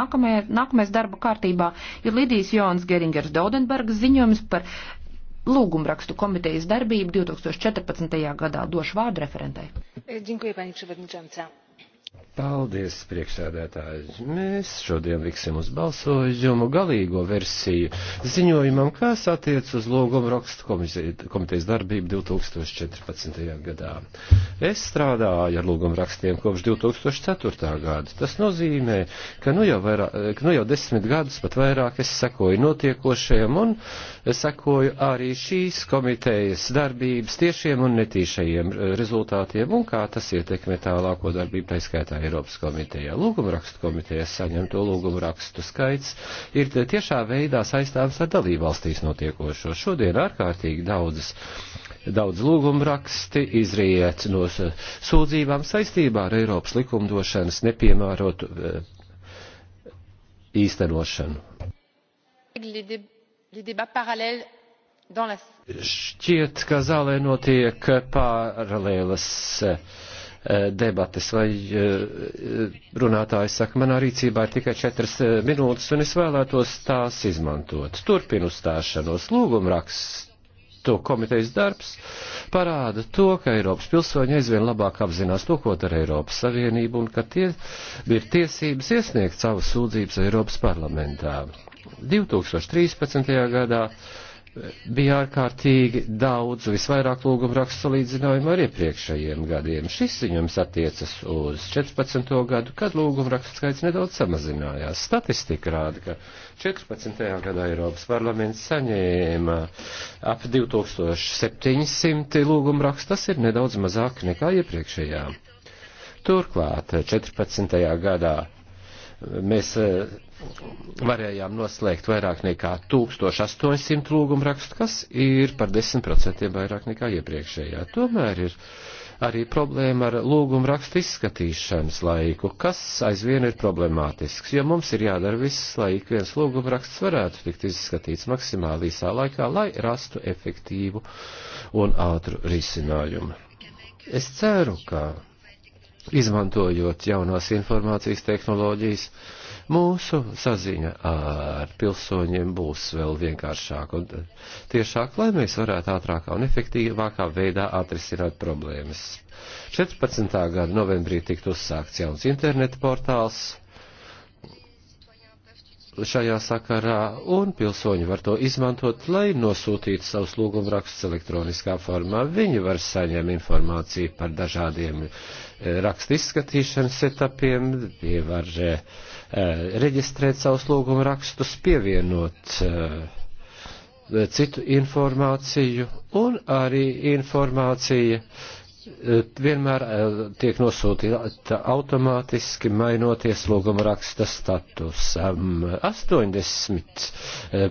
Nākamajā, nākamais darba kārtībā ir Lidijas Jons Geringers Daudenbergs ziņojums par lūgumrakstu komitejas darbību 2014. gadā. Došu vārdu referentai. Dziękuję, pani przewodnicząca. Paldies, priekšsēdētāji. Mēs šodien liksim uz balsojumu galīgo versiju ziņojumam, kas attiec uz logumu rakstu komitejas darbību 2014. gadā. Es strādāju ar logumu rakstiem kopš 2004. gada. Tas nozīmē, ka nu jau, vairāk, nu jau desmit gadus pat vairāk es sekoju notiekošajam un sekoju arī šīs komitejas darbības tiešiem un netīšajiem eh, rezultātiem un kā tas ietekmē tālāko darbību taiskaitā skaitā Eiropas komitejā. Lūgumrakstu komitejas saņemto lūgumrakstu skaits ir tiešā veidā saistāms ar dalībvalstīs notiekošo. Šodien ārkārtīgi daudzas. Daudz lūgumraksti izriet no sūdzībām saistībā ar Eiropas likumdošanas nepiemērotu e, īstenošanu. Šķiet, ka zālē notiek paralēlas e, debates, vai eh, runātājs saka, manā rīcībā ir tikai četras eh, minūtes, un es vēlētos tās izmantot. Turpinu stāšanos lūgumraksts to komitejas darbs parāda to, ka Eiropas pilsoņi aizvien labāk apzinās to, ko dara Eiropas Savienība un ka tie ir tiesības iesniegt savas sūdzības Eiropas parlamentā. 2013. gadā bija ārkārtīgi daudz, visvairāk lūgumu rakstu salīdzinājumu ar iepriekšējiem gadiem. Šis ziņojums attiecas uz 14. gadu, kad lūgumu rakstu skaits nedaudz samazinājās. Statistika rāda, ka 14. gadā Eiropas parlaments saņēma ap 2700 lūgumu rakstu, tas ir nedaudz mazāk nekā iepriekšējā. Turklāt 14. gadā mēs eh, varējām noslēgt vairāk nekā 1800 lūgumu rakstu, kas ir par 10% vairāk nekā iepriekšējā. Tomēr ir arī problēma ar lūgumu rakstu izskatīšanas laiku, kas aizvien ir problemātisks, jo mums ir jādara viss, lai ik viens lūgumu raksts varētu tikt izskatīts maksimāli īsā laikā, lai rastu efektīvu un ātru risinājumu. Es ceru, ka izmantojot jaunās informācijas tehnoloģijas, Mūsu saziņa ar pilsoņiem būs vēl vienkāršāk un tiešāk, lai mēs varētu ātrākā un efektīvākā veidā atrisināt problēmas. 14. gada novembrī tiktu uzsākts jauns interneta portāls šajā sakarā, un pilsoņi var to izmantot, lai nosūtītu savus lūgumrakstus elektroniskā formā. Viņi var saņemt informāciju par dažādiem eh, rakstu izskatīšanas etapiem, tie var uh, Eh, reģistrēt savus lūgumu rakstus, pievienot eh, citu informāciju un arī informācija, vienmēr eh, tiek nosūtīta automātiski mainoties lūguma raksta statusam. 80% eh,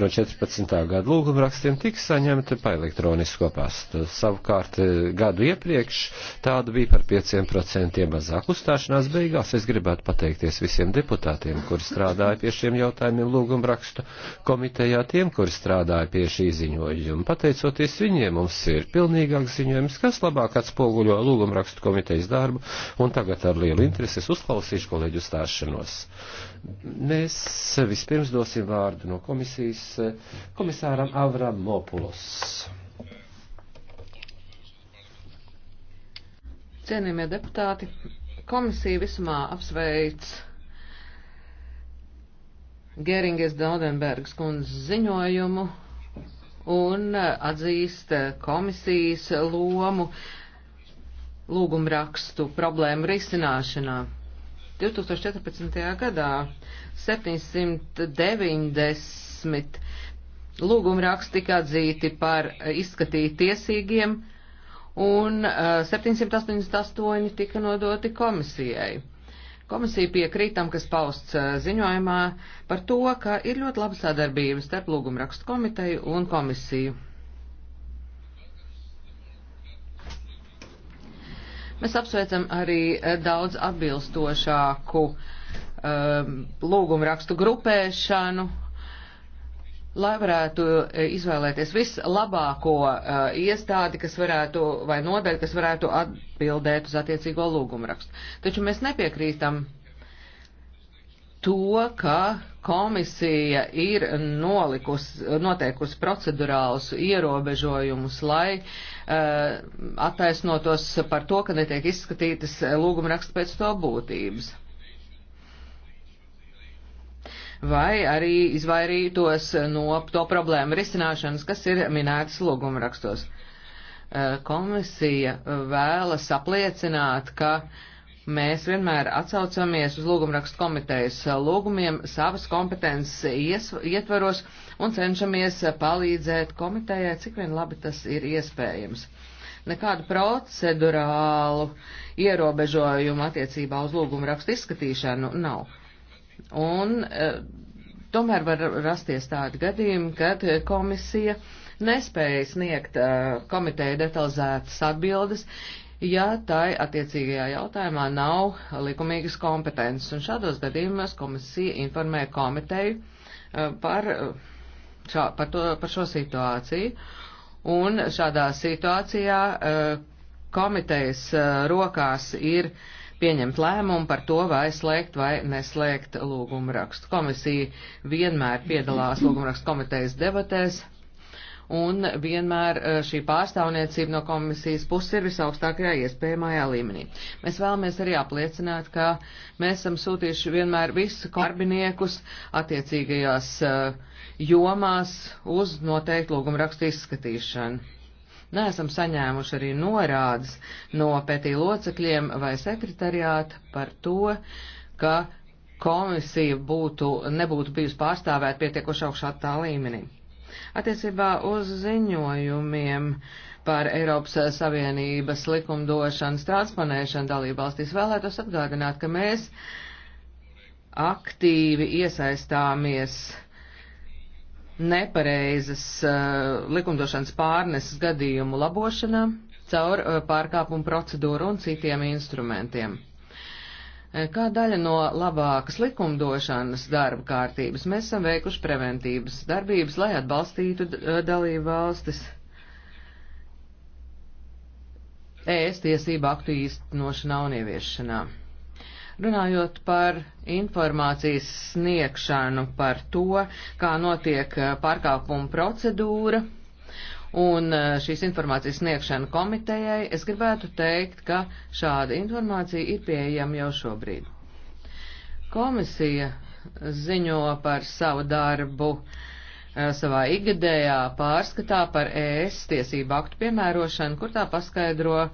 no 14. gada lūguma rakstiem tika saņemti pa elektronisko pastu. Savukārt eh, gadu iepriekš tādu bija par 5% mazāk. Uzstāšanās beigās es gribētu pateikties visiem deputātiem, kuri strādāja pie šiem jautājumiem lūguma rakstu komitejā, tiem, kuri strādāja pie šī ziņojuma. Pateicoties viņiem, mums ir pilnīgāks ziņojums, kas labāk labāk atspoguļo lūgumrakstu komitejas darbu, un tagad ar lielu interesi es uzklausīšu kolēģu stāšanos. Mēs vispirms dosim vārdu no komisijas eh, komisāram Avram Mopulos. Cienījamie deputāti, komisija visumā apsveic Geringes Daudenbergas kundzes ziņojumu un atzīst komisijas lomu lūgumrakstu problēmu risināšanā. 2014. gadā 790 lūgumraksti tika atzīti par izskatīt tiesīgiem un 788 eh, tika nodoti komisijai. Komisija piekrītam, kas pausts ziņojumā par to, ka ir ļoti laba sadarbība starp lūgumrakstu komiteju un komisiju. Mēs apsveicam arī daudz atbilstošāku um, lūgumrakstu grupēšanu, lai varētu e, izvēlēties vislabāko uh, iestādi, kas varētu, vai nodaļu, kas varētu atbildēt uz attiecīgo lūgumrakstu. Taču mēs nepiekrītam to, ka komisija ir nolikus, noteikusi procedurālus ierobežojumus, lai uh, attaisnotos par to, ka netiek izskatītas lūguma raksts pēc to būtības vai arī izvairītos no to problēmu risināšanas, kas ir minētas lūgumrakstos. Eh, komisija vēlas apliecināt, ka mēs vienmēr atsaucamies uz lūgumrakstu komitejas lūgumiem savas kompetences ietvaros un cenšamies palīdzēt komitejai, cik vien labi tas ir iespējams. Nekādu procedurālu ierobežojumu attiecībā uz lūgumrakstu izskatīšanu nav. Un e, tomēr var rasties tādi gadījumi, kad komisija nespēja sniegt e, komiteja detalizētas atbildes, ja tai attiecīgajā jautājumā nav likumīgas kompetences. Un šādos gadījumos komisija informē komiteju e, par, šā, par, to, par šo situāciju. Un šādā situācijā komitejas rokās ir pieņemt lēmumu par to, vai slēgt vai neslēgt lūgumu rakstu. Komisija vienmēr piedalās lūgumu rakstu komitejas debatēs, un vienmēr eh, šī pārstāvniecība no komisijas puses ir visaugstākajā iespējamajā līmenī. Mēs vēlamies arī apliecināt, ka mēs esam sūtījuši vienmēr visus darbiniekus attiecīgajās eh, jomās uz noteiktu lūgumu rakstu izskatīšanu. Neesam saņēmuši arī norādes no pētī locekļiem vai sekretariāta par to, ka komisija būtu, nebūtu bijusi pārstāvēta pietiekoši augšā tā līmenī. Attiecībā uz ziņojumiem par Eiropas Savienības likumdošanas transponēšanu dalībvalstīs vēlētos atgādināt, ka mēs aktīvi iesaistāmies uh, nepareizas uh, likumdošanas pārneses gadījumu labošanā caur uh, pārkāpumu procedūru un citiem instrumentiem. Eh, kā daļa no labākas likumdošanas darba kārtības mēs esam veikuši preventīvas darbības, lai atbalstītu dalību valstis ES tiesību aktu īstenošanā un ieviešanā. Runājot par informācijas sniegšanu par to, kā notiek eh, pārkāpuma procedūra un eh, šīs informācijas sniegšana komitejai, es gribētu teikt, ka šāda informācija ir pieejama jau šobrīd. Komisija ziņo par savu darbu eh, savā ikgadējā pārskatā par ES tiesību aktu piemērošanu, kur tā paskaidro,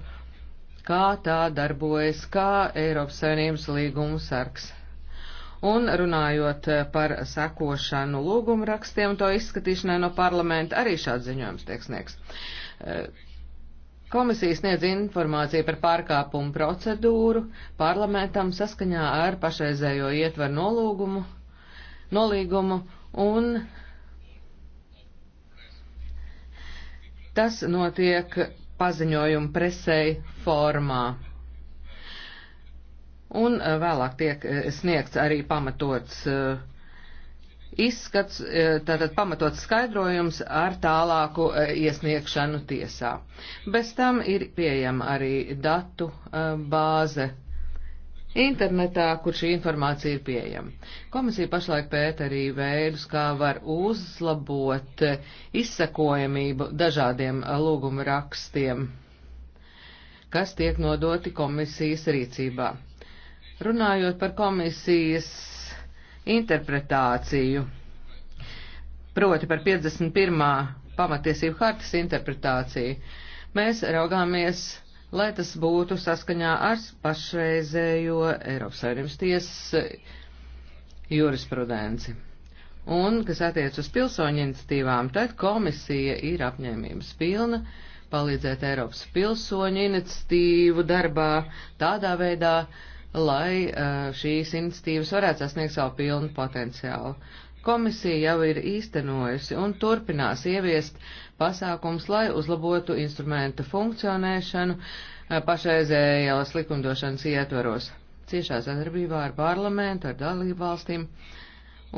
kā tā darbojas, kā Eiropas Savienības līguma sargs. Un runājot par sekošanu lūgumu rakstiem un to izskatīšanai no parlamenta, arī šāds ziņojums tiek sniegs. E, Komisija sniedz informāciju par pārkāpumu procedūru parlamentam saskaņā ar pašreizējo ietveru nolūgumu, nolīgumu un tas notiek paziņojumu presēji formā. Un eh, vēlāk tiek eh, sniegts arī pamatots eh, izskats, tātad pamatots skaidrojums ar tālāku iesniegšanu tiesā. Bez tam ir pieejama arī datu bāze internetā, kur šī informācija ir pieejama. Komisija pašlaik pēta arī veidus, kā var uzlabot izsakojamību dažādiem lūguma rakstiem, kas tiek nodoti komisijas rīcībā. Runājot par komisijas interpretāciju, proti par 51. pamatiesību hartas interpretāciju, mēs raugāmies lai tas būtu saskaņā ar pašreizējo Eiropas Savienības tiesas jurisprudenci. Un, kas attiec uz pilsoņu iniciatīvām, tad komisija ir apņēmības pilna palīdzēt Eiropas pilsoņu iniciatīvu darbā tādā veidā, lai uh, šīs iniciatīvas varētu sasniegt savu pilnu potenciālu. Komisija jau ir īstenojusi un turpinās ieviest pasākums, lai uzlabotu instrumentu funkcionēšanu eh, pašreizējās likumdošanas ietvaros, ciešā sadarbībā ar parlamentu, ar dalību valstīm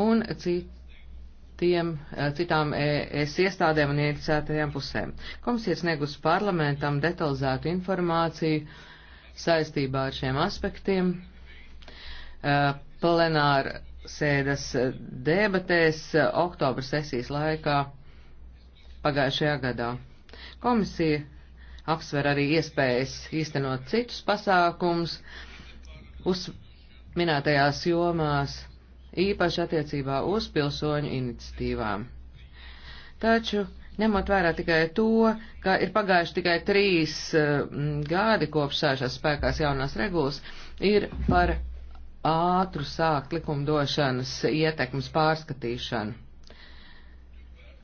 un citiem, eh, citām ES iestādēm un ieinteresētajām pusēm. Komisija sniegus parlamentam detalizētu informāciju saistībā ar šiem aspektiem. Eh, plenāra sēdes eh, debatēs eh, oktobra sesijas laikā pagājušajā gadā. Komisija apsver arī iespējas īstenot citus pasākums uz minētajās jomās, īpaši attiecībā uz pilsoņu iniciatīvām. Taču ņemot vērā tikai to, ka ir pagājuši tikai trīs uh, gadi kopš sāšās spēkās jaunās regulas, ir par ātru sākt likumdošanas ietekmes pārskatīšanu.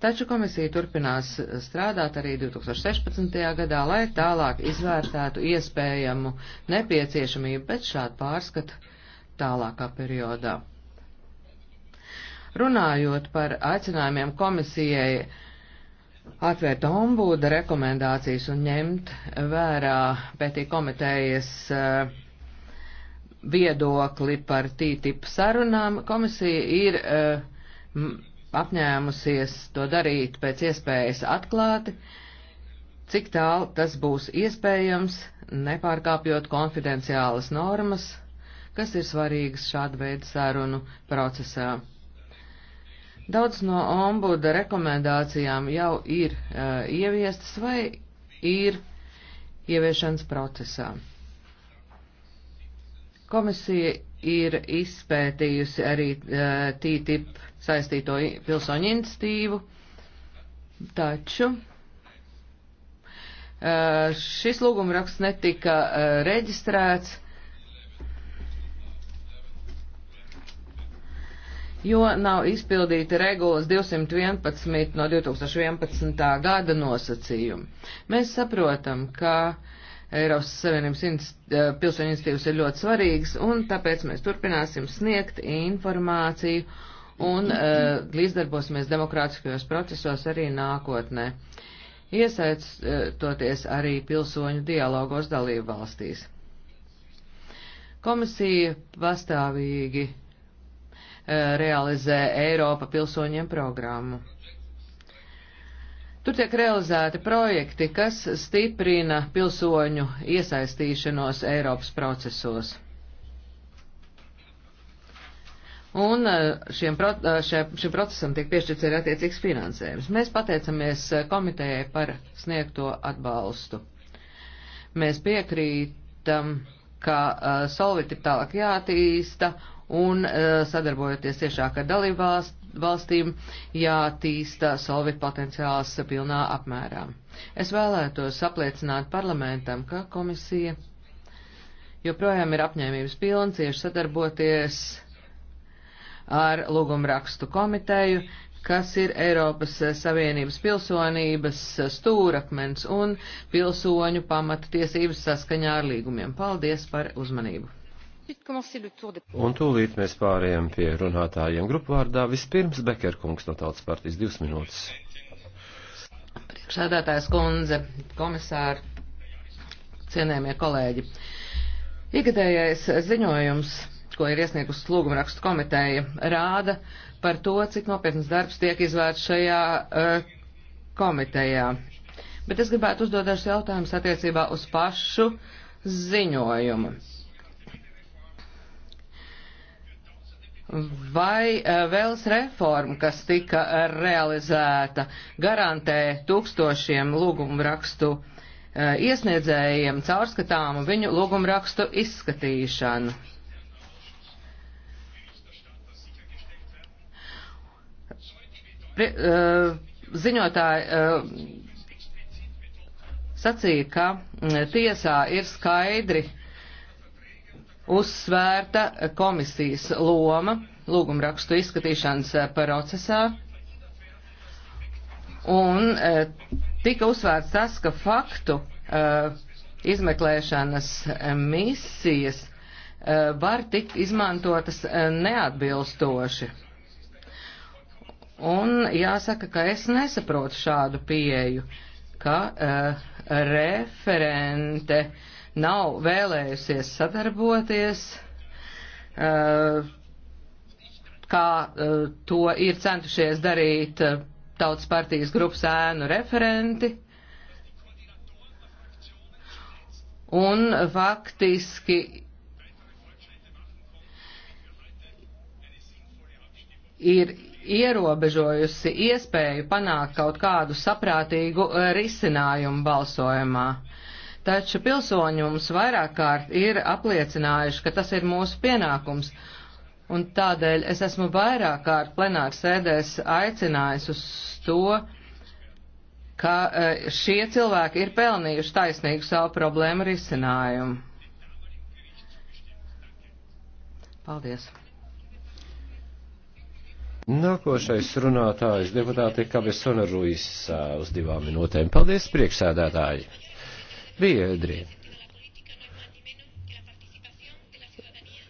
Taču komisija turpinās strādāt arī 2016. gadā, lai tālāk izvērtētu iespējamu nepieciešamību pēc šāda pārskata tālākā periodā. Runājot par aicinājumiem komisijai atvērt ombuda rekomendācijas un ņemt vērā pētī komitejas uh, viedokli par TTIP sarunām. Komisija ir uh, apņēmusies to darīt pēc iespējas atklāti, cik tālu tas būs iespējams, nepārkāpjot konfidenciālas normas, kas ir svarīgas šāda veida sarunu procesā. Daudz no ombuda rekomendācijām jau ir uh, ieviestas vai ir ieviešanas procesā. Komisija ir izpētījusi arī TTIP saistīto pilsoņu institīvu, taču šis lūgumraksts netika reģistrēts, jo nav izpildīta regulas 211 no 2011. gada nosacījumi. Mēs saprotam, ka uh, Eiropas Savienības eh, pilsoņu institīvas ir ļoti svarīgas, un tāpēc mēs turpināsim sniegt informāciju un uh, līdzdarbosimies demokrātiskajos procesos arī nākotnē, iesaistoties arī pilsoņu dialogos dalību valstīs. Komisija pastāvīgi uh, realizē Eiropa pilsoņiem programmu. Tur tiek realizēti projekti, kas stiprina pilsoņu iesaistīšanos Eiropas procesos. Un eh, šiem, eh, šiem procesam tiek piešķirts arī attiecīgs finansējums. Mēs pateicamies eh, komitējai par sniegto atbalstu. Mēs piekrītam, ka solviti tālāk jātīsta un sadarbojoties tiešāk ar dalībvalstu valstīm jātīsta solvi potenciāls pilnā apmērā. Es vēlētos apliecināt parlamentam, ka komisija joprojām ir apņēmības pilna cieši sadarboties ar lūgumrakstu komiteju, kas ir Eiropas Savienības pilsonības stūrakmens un pilsoņu pamata tiesības saskaņā ar līgumiem. Paldies par uzmanību! Un tūlīt mēs pārējām pie runātājiem grupu vārdā. Vispirms Bekerkungs no Tautas partijas divas minūtes. Priekšsēdētājs kundze, komisāri, cienējamie kolēģi. Ikgadējais ziņojums, ko ir iesniegusi lūgumrakstu komiteja, rāda par to, cik nopietnas darbs tiek izvērts šajā uh, komitejā. Bet es gribētu uzdot dažus jautājumus attiecībā uz pašu ziņojumu. Vai e, vēlas reforma, kas tika e, realizēta, garantē tūkstošiem lūgumrakstu e, iesniedzējiem caurskatāmu viņu lūgumrakstu izskatīšanu? Pri, ziņotāji sacīja, ka tiesā ir skaidri uzsvērta komisijas loma lūgumrakstu izskatīšanas eh, procesā. Un eh, tika uzsvērts tas, ka faktu eh, izmeklēšanas misijas var tikt izmantotas neatbilstoši. Un jāsaka, ka es nesaprotu šādu pieeju, ka referente uh, nav vēlējusies sadarboties, eh, kā eh, to ir centušies darīt eh, tautas partijas grupas ēnu referenti. Un faktiski ir ierobežojusi iespēju panākt kaut kādu saprātīgu risinājumu balsojumā. Uh, Taču pilsoņi mums vairāk kārt ir apliecinājuši, ka tas ir mūsu pienākums. Un tādēļ es esmu vairāk kārt plenāru sēdēs aicinājis uz to, ka e, šie cilvēki ir pelnījuši taisnīgu savu problēmu risinājumu. Paldies! Nākošais runātājs deputāte Kabesona Ruisa uz divām minūtēm. Paldies, priekšsēdētāji! biedri.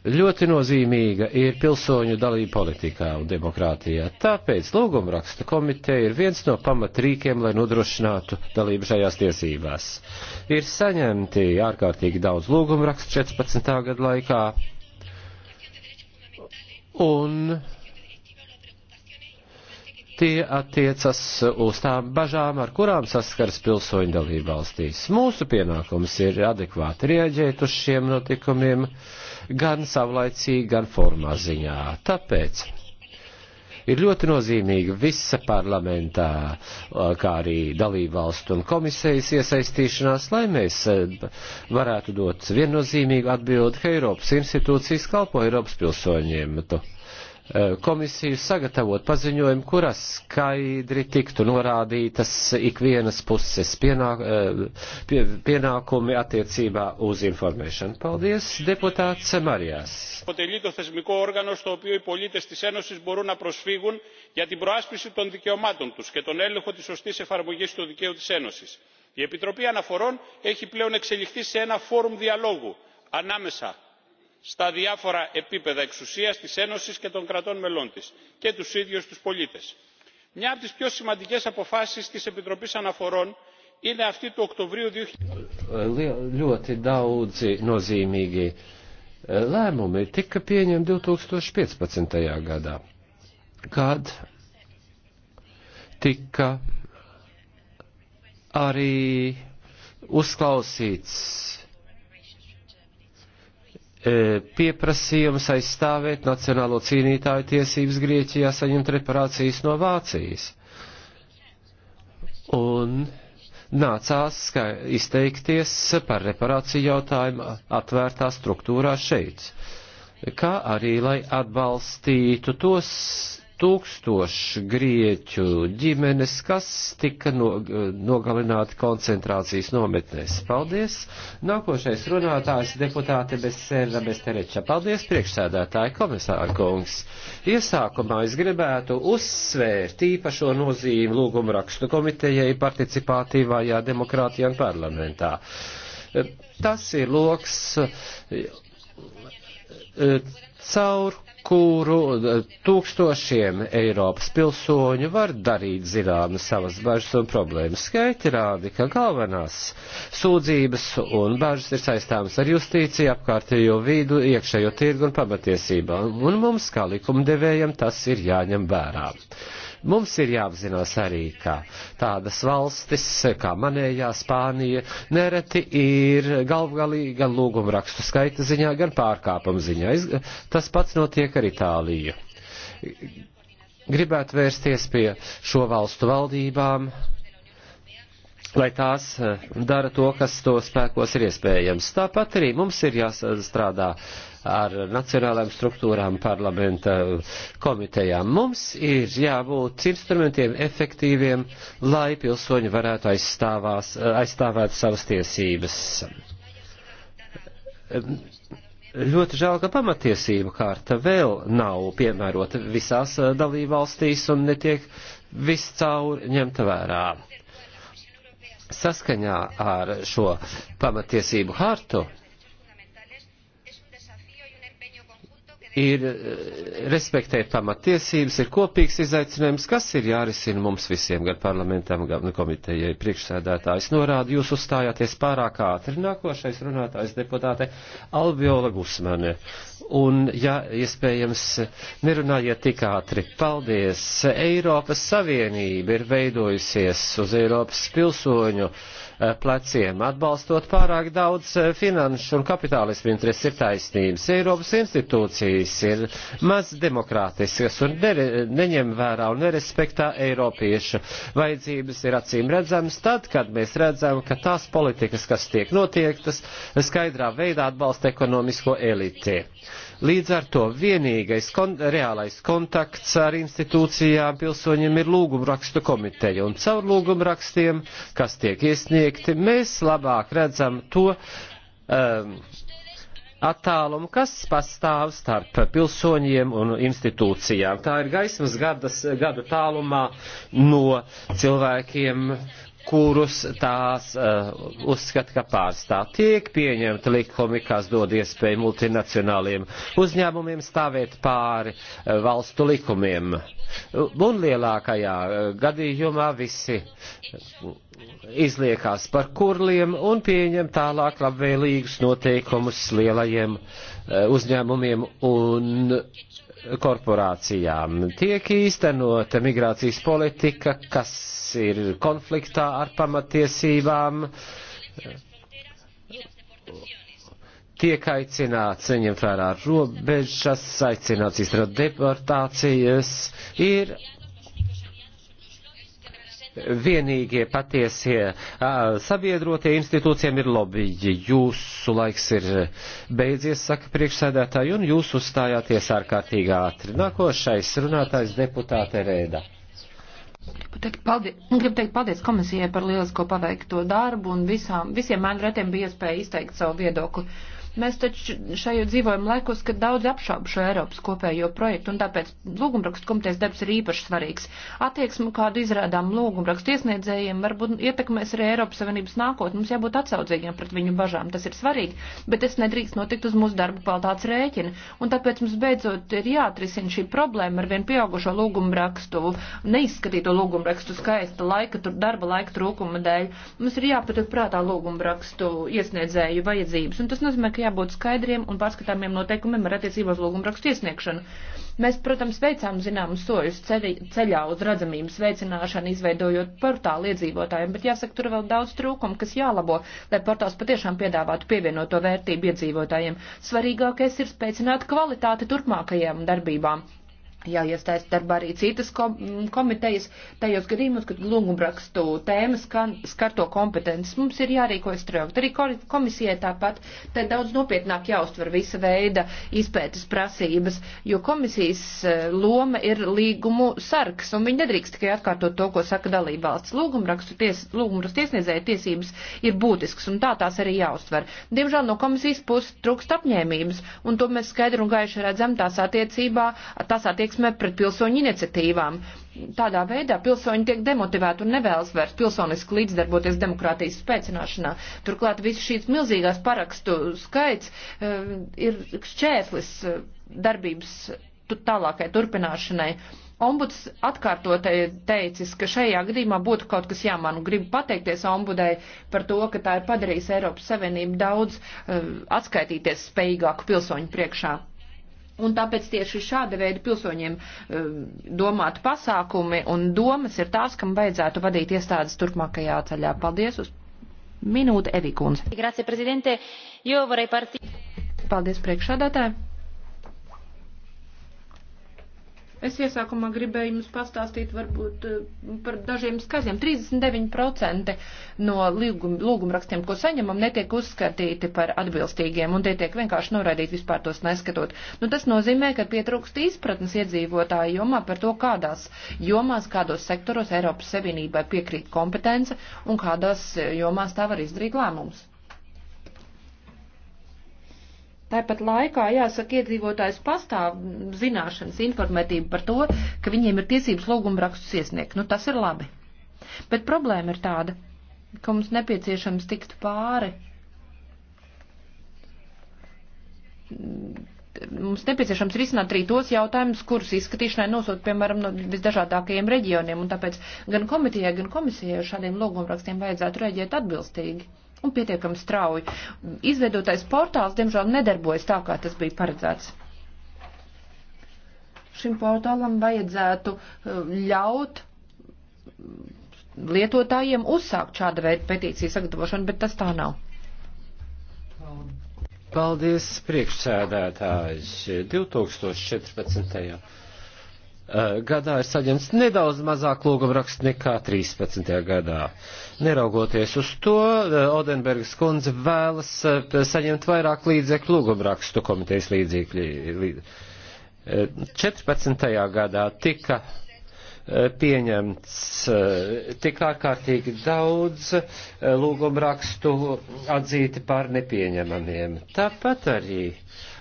Ļoti nozīmīga ir pilsoņu dalība politikā un demokrātijā. Tāpēc lūgumraksta komiteja ir viens no pamatrīkiem, lai nodrošinātu dalību šajās tiesībās. Ir saņemti ārkārtīgi daudz lūgumrakstu 14. gadu laikā. Un tie attiecas uz tām bažām, ar kurām saskars pilsoņu dalību valstīs. Mūsu pienākums ir adekvāti rieģēt uz šiem notikumiem gan savlaicīgi, gan formā ziņā. Tāpēc ir ļoti nozīmīga visa parlamentā, kā arī dalībvalstu un komisijas iesaistīšanās, lai mēs eh, varētu dot viennozīmīgu atbildi, ka Eiropas institūcijas kalpo Eiropas pilsoņiem. Tu komisiju sagatavot paziņojumu, kurā skaidri tiktu norādītas ikvienas puses pienāk, eh, pie, pienākumi attiecībā uz informēšanu. Paldies, deputāts Marijas. Αποτελεί το θεσμικό όργανο στο οποίο οι πολίτε τη Ένωση μπορούν να προσφύγουν για την προάσπιση των δικαιωμάτων του και τον έλεγχο τη σωστή εφαρμογή του δικαίου τη Ένωση. Η Επιτροπή Αναφορών έχει πλέον εξελιχθεί σε ένα φόρουμ διαλόγου ανάμεσα στα διάφορα επίπεδα εξουσίας της ένωσης και των κρατών μελών της και τους ίδιους τους πολίτες. μια από τις πιο σημαντικές αποφάσεις της επιτροπής αναφορών είναι αυτή του οκτωβρίου. ļoti daudzi nozīmīgi lēmumi tika pieņemti 2015. gadā, kad tika arī uzklausīts E, pieprasījums aizstāvēt nacionālo cīnītāju tiesības Grieķijā saņemt reparācijas no Vācijas. Un nācās izteikties par reparāciju jautājumu atvērtā struktūrā šeit, kā arī lai atbalstītu tos tūkstošu grieķu ģimenes, kas tika no, nogalināti koncentrācijas nometnēs. Paldies! Nākošais runātājs deputāte Besēra Bestereča. Paldies, priekšsēdētāji komisāra kungs! Iesākumā es gribētu uzsvērt īpašo nozīmi lūgumu rakstu komitejai participatīvajā demokrātijā un parlamentā. Tas ir loks eh, caur kuru e, tūkstošiem Eiropas pilsoņu var darīt zināmas savas bažas un problēmas. Skaiti rādi, ka galvenās sūdzības un bažas ir saistāmas ar justīciju, apkārtējo vidu, iekšējo tirgu un pamatiesībām, un mums, kā likumdevējam, tas ir jāņem vērā. Mums ir jāapzinās arī, ka tādas valstis kā manējā Spānija nereti ir galvgalī gan lūguma rakstu skaita ziņā, gan pārkāpuma ziņā. Tas pats notiek ar Itāliju. Gribētu vērsties pie šo valstu valdībām, lai tās eh, dara to, kas to spēkos ir iespējams. Tāpat arī mums ir jāstrādā uh, ar nacionālajām struktūrām, parlamenta komitejām. Mums ir jābūt instrumentiem efektīviem, lai pilsoņi varētu aizstāvās, aizstāvēt savas tiesības. Ļoti žēl, ka pamatiesību kārta vēl nav piemērota visās dalībvalstīs un netiek viscaur ņemta vērā. Saskaņā ar šo pamatiesību hartu ir eh, respektēt pamatiesības, ir kopīgs izaicinājums, kas ir jārisina mums visiem, gan parlamentam, gan komitejai priekšsēdētājs. Norāda, jūs uzstājāties pārāk ātri. Nākošais runātājs deputāte Albiola Gusmane un, ja iespējams, nerunājiet tik ātri. Paldies! Eiropas Savienība ir veidojusies uz Eiropas pilsoņu eh, pleciem, atbalstot pārāk daudz eh, finanšu un kapitālismu intereses ir taisnības. Eiropas institūcijas ir maz demokrātiskas un ne, neņem vērā un nerespektā Eiropiešu vajadzības ir acīm redzamas tad, kad mēs redzam, ka tās politikas, kas tiek notiektas, skaidrā veidā atbalsta ekonomisko eliti. Līdz ar to vienīgais kon reālais kontakts ar institūcijām pilsoņiem ir lūgumrakstu komiteja, un caur lūgumrakstiem, kas tiek iesniegti, mēs labāk redzam to um, attālumu, kas pastāv starp pilsoņiem un institūcijām. Tā ir gaismas gadas, gadu tālumā no cilvēkiem, kurus tās uh, uzskata, ka pārstāv. Tiek pieņemta likumi, kas dod iespēju multinacionāliem uzņēmumiem stāvēt pāri uh, valstu likumiem. Un lielākajā uh, gadījumā visi izliekās par kurliem un pieņem tālāk labvēlīgus noteikumus lielajiem uh, uzņēmumiem un uh, korporācijām. Tiek īstenota migrācijas politika, kas ir konfliktā ar pamatiesībām. Tiek aicināts ņemt vērā robežas, aicināts izdarīt deportācijas, ir vienīgie patiesie sabiedrotie institūcijiem ir lobbyji. Jūsu laiks ir beidzies, saka priekšsēdētāji, un jūs uzstājāties ārkārtīgi ātri. Nākošais runātājs deputāte Rēda. Gribu teikt, paldies, gribu teikt paldies komisijai par lielisko paveikto darbu un visām, visiem man retiem bija iespēja izteikt savu viedokli. Mēs taču šajā dzīvojam laikos, kad daudz apšaubu šo Eiropas kopējo projektu, un tāpēc lūgumrakstu komitejas darbs ir īpaši svarīgs. Attieksmi, kādu izrādām lūgumrakstu iesniedzējiem, varbūt ietekmēs arī Eiropas Savienības nākotni. Mums jābūt atsaudzīgiem pret viņu bažām, tas ir svarīgi, bet tas nedrīkst notikt uz mūsu darba kvalitātes rēķina. Un tāpēc mums beidzot ir jāatrisina šī problēma ar vien pieaugušo lūgumrakstu, neizskatīto lūgumrakstu skaista laika, tur, darba laika trūkuma dēļ. Mums ir jāpaturprātā lūgumrakstu iesniedzēju vajadzības, un tas nozīmē, ka jābūt skaidriem un pārskatāmiem noteikumiem ar attiecībā uz lūgumrakstu iesniegšanu. Mēs, protams, veicām zināmus soļus ceļā uz redzamības veicināšanu, izveidojot portālu iedzīvotājiem, bet jāsaka, tur vēl daudz trūkumu, kas jālabo, lai portāls patiešām piedāvātu pievienoto vērtību iedzīvotājiem. Svarīgākais ir spēcināt kvalitāti turpmākajām darbībām jāiestājas darbā arī citas komitejas, tajos gadījumos, kad lūgumrakstu tēmas skarto kompetences. Mums ir jārīkojas traukt. Arī komisijai tāpat te daudz nopietnāk jāuztver visa veida izpētes prasības, jo komisijas e, loma ir līgumu sargs, un viņi nedrīkst tikai atkārtot to, ko saka dalībvalsts. Lūgumrakstu ties, lūgumrakstu tiesniedzēja tiesības ir būtisks, un tā tās arī jāuztver. Diemžēl no komisijas puses trūkst apņēmības, un to mēs skaidri un gaiši redzam tās attiecībā, tās attiecībā attieksme pret pilsoņu iniciatīvām. Tādā veidā pilsoņi tiek demotivēti un nevēlas vairs pilsoniski līdzdarboties demokrātijas spēcināšanā. Turklāt visu šīs milzīgās parakstu skaits uh, ir šķērslis uh, darbības tālākai turpināšanai. Ombuds atkārtotai teicis, ka šajā gadījumā būtu kaut kas jāmanu. Gribu pateikties ombudai par to, ka tā ir padarījusi Eiropas Savienību daudz uh, atskaitīties spējīgāku pilsoņu priekšā. Un tāpēc tieši šāda veida pilsoņiem um, domāt pasākumi un domas ir tās, kam vajadzētu vadīt iestādes turpmākajā ceļā. Paldies uz minūti, Evi Kunze. Paldies priekšādātāji. Es iesākumā gribēju jums pastāstīt varbūt eh, par dažiem skaitļiem. 39% no lūgumrakstiem, ko saņemam, netiek uzskatīti par atbilstīgiem un tie tiek vienkārši noraidīti vispār tos neskatot. Nu, tas nozīmē, ka pietrūkst izpratnes iedzīvotāju jomā par to, kādās jomās, kādos sektoros Eiropas Savienībai piekrīt kompetence un kādās eh, jomās tā var izdarīt lēmumus. Tāpat laikā, jāsaka, iedzīvotājs pastāv zināšanas, informētība par to, ka viņiem ir tiesības lūguma rakstus iesniegt. Nu, tas ir labi. Bet problēma ir tāda, ka mums nepieciešams tikt pāri. Mums nepieciešams risināt arī tos jautājumus, kurus izskatīšanai nosūt, piemēram, no visdažādākajiem reģioniem, un tāpēc gan komitijai, gan komisijai ar šādiem lūgumrakstiem vajadzētu rēģēt atbilstīgi un pietiekami strauji. Izveidotais portāls, diemžēl, nedarbojas tā, kā tas bija paredzēts. Šim portālam vajadzētu uh, ļaut mm, lietotājiem uzsākt šāda veida petīciju sagatavošanu, bet tas tā nav. Paldies, priekšsēdētājs. 2014. Eh, gadā ir saņemts nedaudz mazāk lūgumrakstu nekā 13. gadā. Neraugoties uz to, eh, Odenbergas kundze vēlas eh, saņemt vairāk līdzekļu lūgumrakstu komitejas līdzekļi. 14. gadā tika pieņemts tik ārkārtīgi daudz lūgumrakstu atzīti par nepieņemamiem. Tāpat arī uh,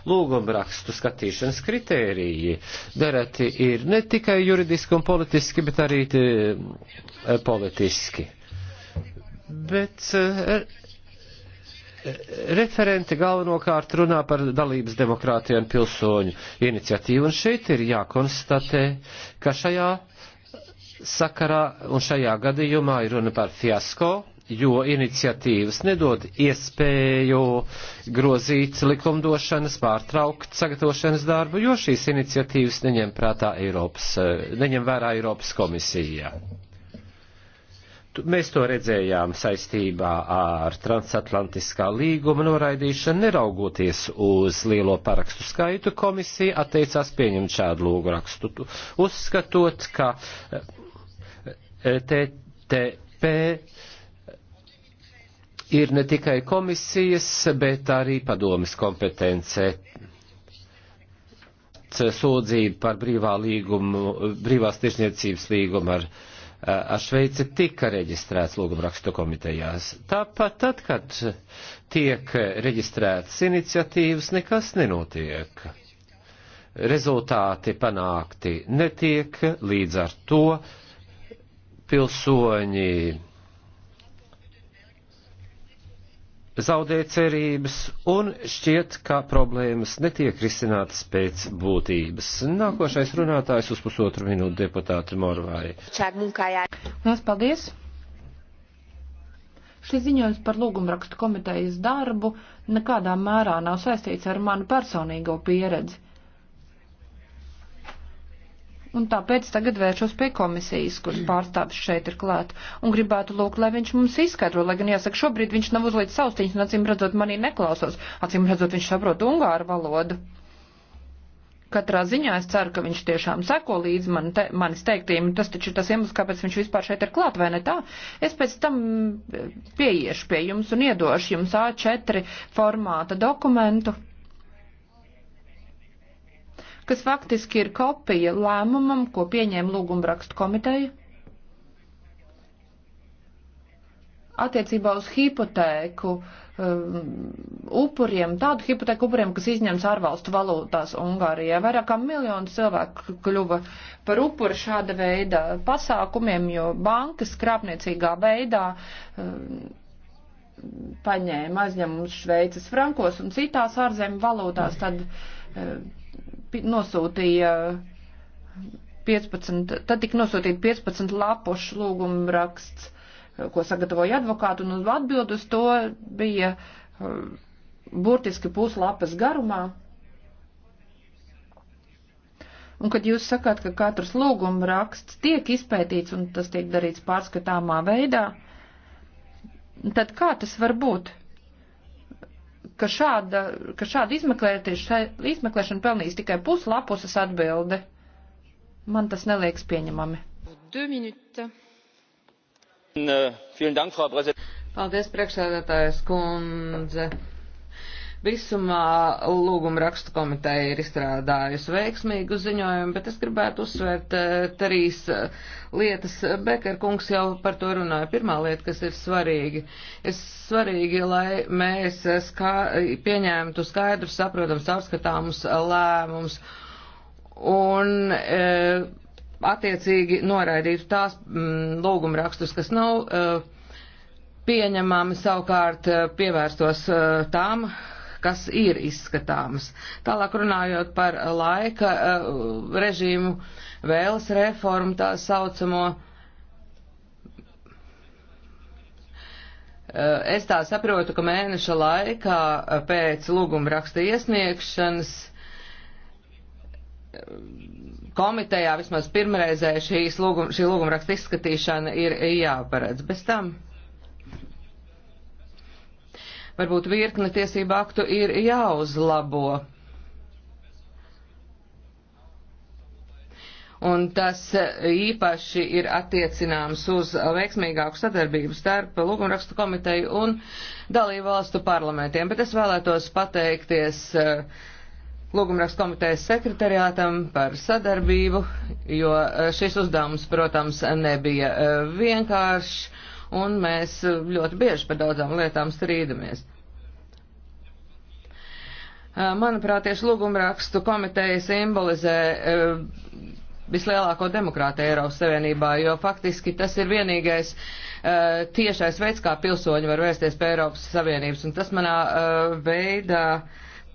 lūgumrakstu skatīšanas kritēriji dereti ir ne tikai juridiski un politiski, bet arī te, e, politiski. Bet e, referenti galvenokārt runā par dalības demokrātiju un pilsoņu iniciatīvu, un šeit ir jākonstatē, ka šajā sakarā un šajā gadījumā ir runa par fiasko, jo iniciatīvas nedod iespēju grozīt likumdošanas, pārtraukt sagatavošanas darbu, jo šīs iniciatīvas neņem, prātā Eiropas, eh, neņem vērā Eiropas komisijā. Mēs to redzējām saistībā ar transatlantiskā līguma noraidīšanu, neraugoties uz lielo parakstu skaitu, komisija atteicās pieņemt šādu lūgu rakstu, uzskatot, ka eh, eh, TTP ir ne tikai komisijas, bet arī padomis kompetence. Sūdzība par brīvā līgumu, brīvās tirsniecības līgumu ar, ar Šveici tika reģistrēts lūgumrakstu komitejās. Tāpat tad, kad tiek reģistrētas iniciatīvas, nekas nenotiek. Rezultāti panākti netiek, līdz ar to pilsoņi zaudē cerības un šķiet, ka problēmas netiek risinātas pēc būtības. Nākošais runātājs uz pusotru minūtu deputāti Morvāji. Lielas paldies! Šis ziņojums par lūgumrakstu komitejas darbu nekādā mērā nav saistīts ar manu personīgo pieredzi. Un tāpēc tagad vēršos pie komisijas, kuras pārstāvis šeit ir klāt, un gribētu lūgt, lai viņš mums izskaidro, lai gan jāsaka, šobrīd viņš nav uzlīdz saustiņas, un acīm redzot manī neklausos, acīm redzot viņš saprot ungāru valodu. Katrā ziņā es ceru, ka viņš tiešām seko līdz man te, manis teiktiem, tas taču ir tas iemesls, kāpēc viņš vispār šeit ir klāt, vai ne tā? Es pēc tam eh, pieiešu pie jums un iedošu jums A4 formāta dokumentu kas faktiski ir kopija lēmumam, ko pieņēma lūgumrakstu komiteja attiecībā uz hipotēku um, upuriem, tādu hipotēku upuriem, kas izņems ārvalstu valūtās Ungārijā. Vairāk kā miljonu cilvēku kļuva par upuru šāda veida pasākumiem, jo bankas krāpniecīgā veidā um, paņēma aizņemumus Šveices frankos un citās ārzemju valūtās. Tad, um, nosūtīja 15, tad tika nosūtīta 15 lapušu lūguma raksts, ko sagatavoja advokāti, un atbild uz to bija uh, burtiski puslapas garumā. Un kad jūs sakāt, ka katrs lūguma raksts tiek izpētīts un tas tiek darīts pārskatāmā veidā, tad kā tas var būt? ka šāda, ka šāda izmeklēšana pelnīs tikai puslapusas atbildi. Man tas neliekas pieņemami. Paldies, priekšsēdētājas kundze. Visumā lūguma rakstu komiteja ir izstrādājusi veiksmīgu ziņojumu, bet es gribētu uzsvērt eh, trīs eh, lietas. Beker kungs jau par to runāja. Pirmā lieta, kas ir svarīgi, ir svarīgi, lai mēs eh, skā, pieņēmtu skaidrus, saprotams, apskatāmus lēmumus un e, attiecīgi noraidītu tās m, mm, lūguma rakstus, kas nav. E, pieņemami savukārt pievērstos tām kas ir izskatāmas. Tālāk runājot par laika eh, režīmu, vēlas reformu tā saucamo. Eh, es tā saprotu, ka mēneša laikā eh, pēc lūguma raksta iesniegšanas komitejā vismaz pirmreizē šī lūguma raksta izskatīšana ir jāparedz. Bez tam varbūt virkne tiesību aktu ir jāuzlabo. Un tas e, īpaši ir attiecināms uz veiksmīgāku sadarbību starp lūgumrakstu komiteju un dalību valstu parlamentiem. Bet es vēlētos pateikties uh, Lūgumrakstu komitejas sekretariātam par sadarbību, jo e, šis uzdevums, protams, nebija vienkāršs un mēs e, ļoti bieži par daudzām lietām strīdamies. E, manuprāt, tieši lūgumrakstu komiteja simbolizē e, vislielāko demokrātu Eiropas Savienībā, jo faktiski tas ir vienīgais uh, tiešais veids, kā pilsoņi var vērsties pie Eiropas Savienības, un tas manā uh, veidā,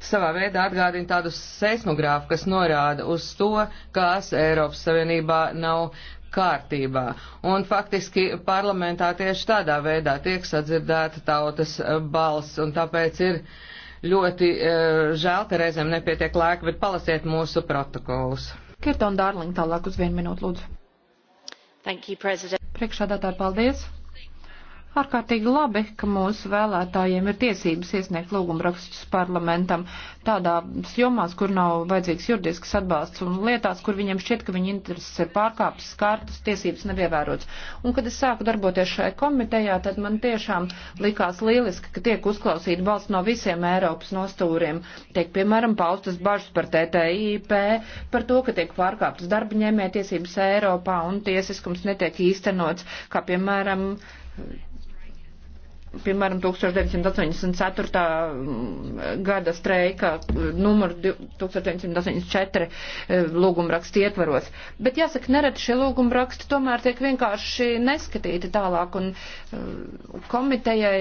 savā veidā atgādina tādu seismogrāfu, kas norāda uz to, kas Eiropas Savienībā nav kārtībā. Un faktiski parlamentā tieši tādā veidā tiek sadzirdēta tautas e, balss, un tāpēc ir ļoti uh, žēl, ka reizēm nepietiek laika, bet palasiet mūsu protokolus. Kirton Dārling, tālāk uz vienu minūtu lūdzu. Thank you, President. Priekšādātāji, paldies ārkārtīgi labi, ka mūsu vēlētājiem ir tiesības iesniegt lūgumrakstus parlamentam tādās jomās, kur nav vajadzīgs juridisks atbalsts un lietās, kur viņiem šķiet, ka viņa intereses ir pārkāptas, kārtas tiesības nav ievērotas. Un, kad es sāku darboties šajā komitejā, tad man tiešām likās lieliski, ka tiek uzklausīta balsts no visiem Eiropas nostūriem. Tiek, piemēram, paustas bažas par TTIP, par to, ka tiek pārkāptas darba ņēmē tiesības Eiropā un tiesiskums netiek īstenots, kā, piemēram, piemēram, 1984. Mm, gada streika numuru 1984 lūgumrakstu ietvaros. Bet jāsaka, nereti šie lūgumraksti tomēr tiek vienkārši neskatīti tālāk un e, komitejai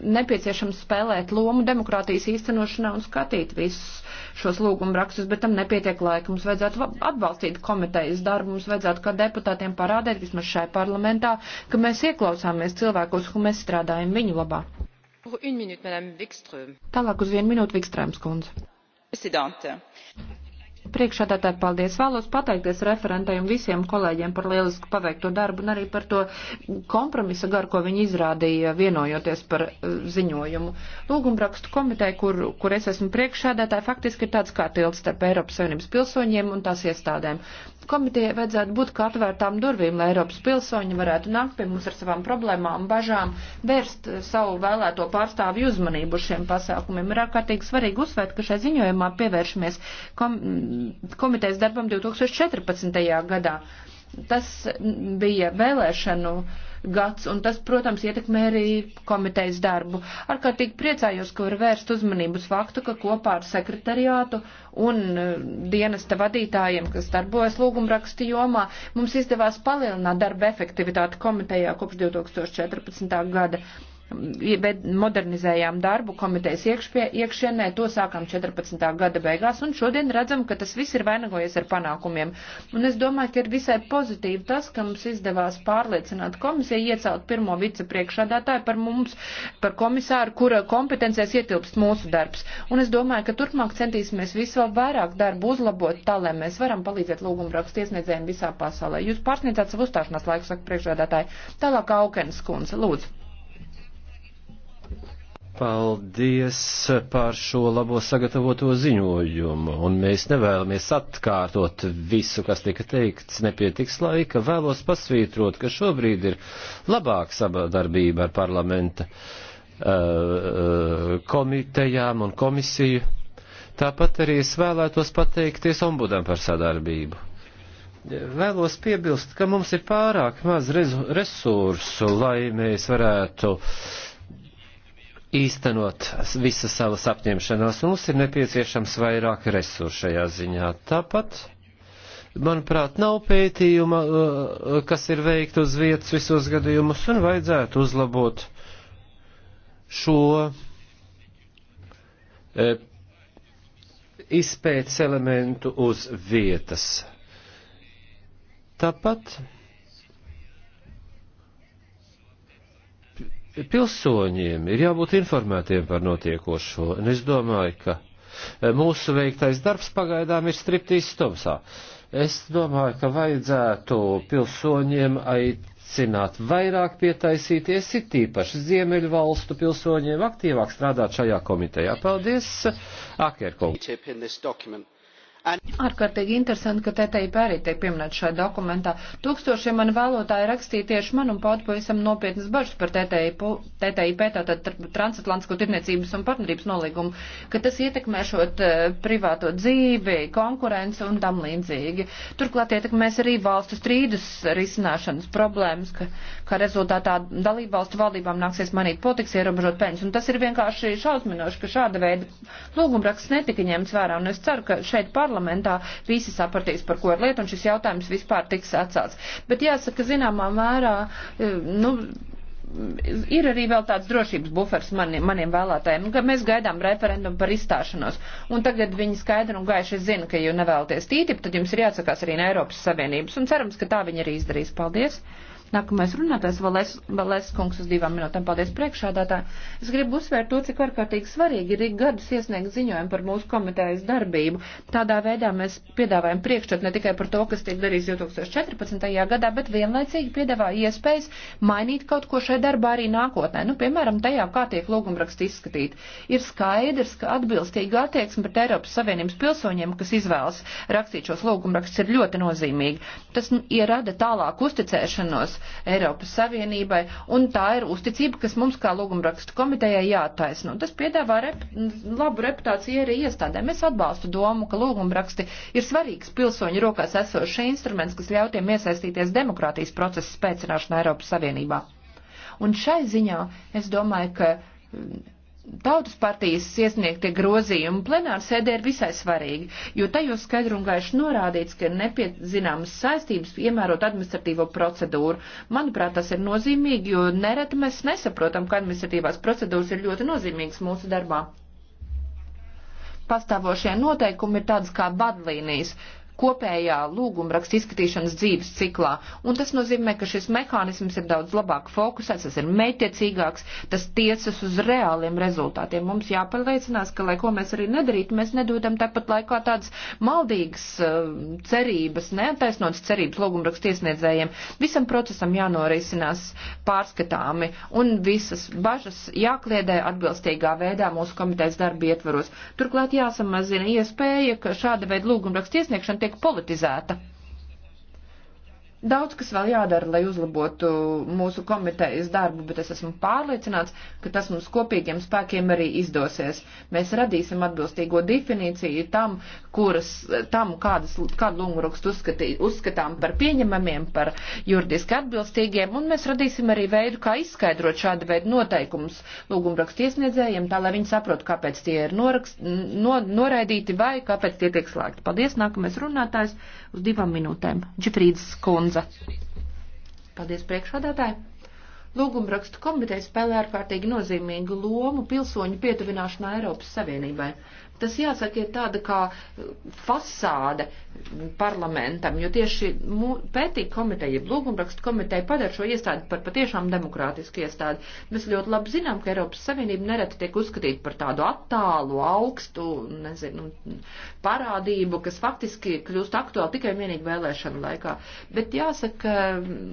nepieciešams spēlēt lomu demokrātijas īstenošanā un skatīt visus šos lūgumu rakstus, bet tam nepietiek laika. Mums vajadzētu atbalstīt komitejas darbu, mums vajadzētu kā deputātiem parādēt, vismaz šai parlamentā, ka mēs ieklausāmies cilvēkos, un mēs strādājam viņu labā. Minute, Tālāk uz vienu minūtu Vikstrēms kundze. Presidente. Priekšādātāji, paldies. Vēlos pateikties referentai un visiem kolēģiem par lielisku paveikto darbu un arī par to kompromisa garu, ko viņi izrādīja vienojoties par eh, ziņojumu. Lūgumrakstu komiteja, kur, kur es esmu priekšādātāji, faktiski ir tāds kā tilts starp Eiropas Savienības pilsoņiem un tās iestādēm. Komitejai vajadzētu būt kā atvērtām durvīm, lai Eiropas pilsoņi varētu nākt pie mums ar savām problēmām, bažām, vērst eh, savu vēlēto pārstāvju uzmanību uz šiem pasākumiem. Ir ārkārtīgi svarīgi uzsvērt, ka šai ziņojumā pievēršamies kom mm, komitejas darbam 2014. gadā. Tas mm, bija vēlēšanu gads, un tas, protams, ietekmē arī komitejas darbu. Arkārtīgi priecājos, ka var vērst uzmanību uz faktu, ka kopā ar sekretariātu un e, dienesta vadītājiem, kas darbojas lūgumrakstu jomā, mums izdevās palielināt darba efektivitāti komitejā kopš 2014. gada bet modernizējām darbu komitejas iekšpie, iekšienē, to sākām 14. gada beigās, un šodien redzam, ka tas viss ir vainagojies ar panākumiem. Un es domāju, ka ir visai pozitīvi tas, ka mums izdevās pārliecināt komisiju iecelt pirmo vicepriekšādātāju par mums, par komisāru, kura kompetencijas ietilpst mūsu darbs. Un es domāju, ka turpmāk centīsimies visu vēl vairāk darbu uzlabot, tā lai mēs varam palīdzēt lūgumrakstu iesniedzējiem visā pasaulē. Jūs pārsniedzāt savu uzstāšanās laiku, saka priekšādātāji. Tālāk Aukens kundze, lūdzu. Paldies par šo labo sagatavoto ziņojumu, un mēs nevēlamies atkārtot visu, kas tika teikts, nepietiks laika. Vēlos pasvītrot, ka šobrīd ir labāka sadarbība ar parlamenta uh, komitejām un komisiju. Tāpat arī es vēlētos pateikties ombudam par sadarbību. Vēlos piebilst, ka mums ir pārāk maz resursu, lai mēs varētu uh, īstenot visas savas apņemšanās. Mums ir nepieciešams vairāk resursu šajā ziņā. Tāpat, manuprāt, nav pētījuma, uh, uh, kas ir veikta uz vietas visos gadījumus, un vajadzētu uzlabot šo e, izpētes elementu uz vietas. Tāpat Pilsoņiem ir jābūt informētiem par notiekošo, un es domāju, ka e, mūsu veiktais darbs pagaidām ir striptīs stumsā. Es domāju, ka vajadzētu pilsoņiem aicināt vairāk pietaisīties, it īpaši Ziemeļu valstu pilsoņiem aktīvāk strādāt šajā komitejā. Paldies, Akerkungs! Ārkārtīgi interesanti, ka TTIP arī tiek pieminēta šajā dokumentā. Tūkstošiem man vēlotāji rakstīja tieši man un paudu pavisam nopietnas bažas par TTIP, TTIP tātad transatlantisko tirniecības un partnerības nolīgumu, ka tas ietekmēšot e, privāto dzīvi, konkurenci un tam līdzīgi. Turklāt ietekmēs arī valstu strīdus risināšanas problēmas, ka, ka rezultātā dalību valstu valdībām nāksies manīt politikas ierobežot peļņas. Un tas ir vienkārši šausminoši, ka šāda veida lūgumraksts netika ņemts vērā. Un es ceru, ka šeit parlamentā parlamentā visi sapratīs, par ko ir lieta, un šis jautājums vispār tiks atcelts. Bet jāsaka, zināmā mērā, e, nu, ir arī vēl tāds drošības bufers mani, maniem vēlētājiem. Mēs gaidām referendumu par izstāšanos. Un tagad viņi skaidri un gaiši zina, ka, ja nevēlaties tītip, tad jums ir jāatsakās arī no Eiropas Savienības. Un cerams, ka tā viņi arī izdarīs. Paldies! Nākamais runātājs Valēs, Valēs kungs uz divām minūtēm. Paldies priekšādātā. Es gribu uzsvērt to, cik ārkārtīgi svarīgi ir ik gadus iesniegt ziņojumu par mūsu komitejas darbību. Tādā veidā mēs piedāvājam priekšstatu ne tikai par to, kas tiek darīts 2014. gadā, bet vienlaicīgi piedāvā iespējas mainīt kaut ko šai darbā arī nākotnē. Nu, piemēram, tajā, kā tiek lūgumraksti izskatīt. Ir skaidrs, ka atbilstīga attieksme pret Eiropas Savienības pilsoņiem, kas izvēlas rakstīt šos lūgumrakstus, ir ļoti nozīmīga. Tas nu, ierada tālāk uzticēšanos Eiropas Savienībai, un tā ir uzticība, kas mums kā lūgumrakstu komitejai jātaisno. Tas piedāvā rep labu reputāciju arī iestādēm. Es atbalstu domu, ka lūgumraksti ir svarīgs pilsoņu rokās esošs instruments, kas ļautiem iesaistīties demokrātijas procesa spēcināšanā Eiropas Savienībā. Un šai ziņā es domāju, ka Tautas partijas iesniegtie grozījumi plenāra sēdē ir visai svarīgi, jo tajos skaidri un gaiši norādīts, ka ir nepiezināmas saistības piemērot administratīvo procedūru. Manuprāt, tas ir nozīmīgi, jo nereti mēs nesaprotam, ka administratīvās procedūras ir ļoti nozīmīgas mūsu darbā. Pastāvošie noteikumi ir tādas kā vadlīnijas, kopējā lūgumraksta izskatīšanas dzīves ciklā. Un tas nozīmē, ka šis mehānisms ir daudz labāk fokusēts, tas ir mētiecīgāks, tas tiecas uz reāliem rezultātiem. Mums jāpārliecinās, ka, lai ko mēs arī nedarītu, mēs nedodam tāpat laikā tādas maldīgas uh, cerības, neataisnotas cerības lūgumraksta iesniedzējiem. Visam procesam jānorisinās pārskatāmi un visas bažas jākliedē atbilstīgā veidā mūsu komitejas darba ietvaros. Turklāt jāsamazina iespēja, ka šāda veida lūgumraksta iesniegšana tiek tiek politizēta. Daudz kas vēl jādara, lai uzlabotu mūsu komitejas darbu, bet es esmu pārliecināts, ka tas mums kopīgiem spēkiem arī izdosies. Mēs radīsim atbilstīgo definīciju tam, kuras, tam kādas, kādu lūgumrakstu uzskatām par pieņemamiem, par juridiski atbilstīgiem, un mēs radīsim arī veidu, kā izskaidrot šādu veidu noteikumus lūgumrakstu iesniedzējiem, tā lai viņi saprotu, kāpēc tie ir norakst, no, noraidīti vai kāpēc tie tiek slēgti. Paldies, nākamais runātājs uz divām minūtēm. Džifrīds Kund kundze. Paldies priekšādātāji. Lūgumrakstu komiteja spēlē ārkārtīgi nozīmīgu lomu pilsoņu pietuvināšanā Eiropas Savienībai tas jāsaka ir tāda kā eh, fasāde parlamentam, jo tieši pētīk komiteja, lūgumrakstu komiteja padara šo iestādi par patiešām demokrātisku iestādi. Mēs ļoti labi zinām, ka Eiropas Savienība nereti tiek uzskatīta par tādu attālu, augstu, nezinu, parādību, kas faktiski kļūst aktuāli tikai vienīgi vēlēšanu laikā. Bet jāsaka,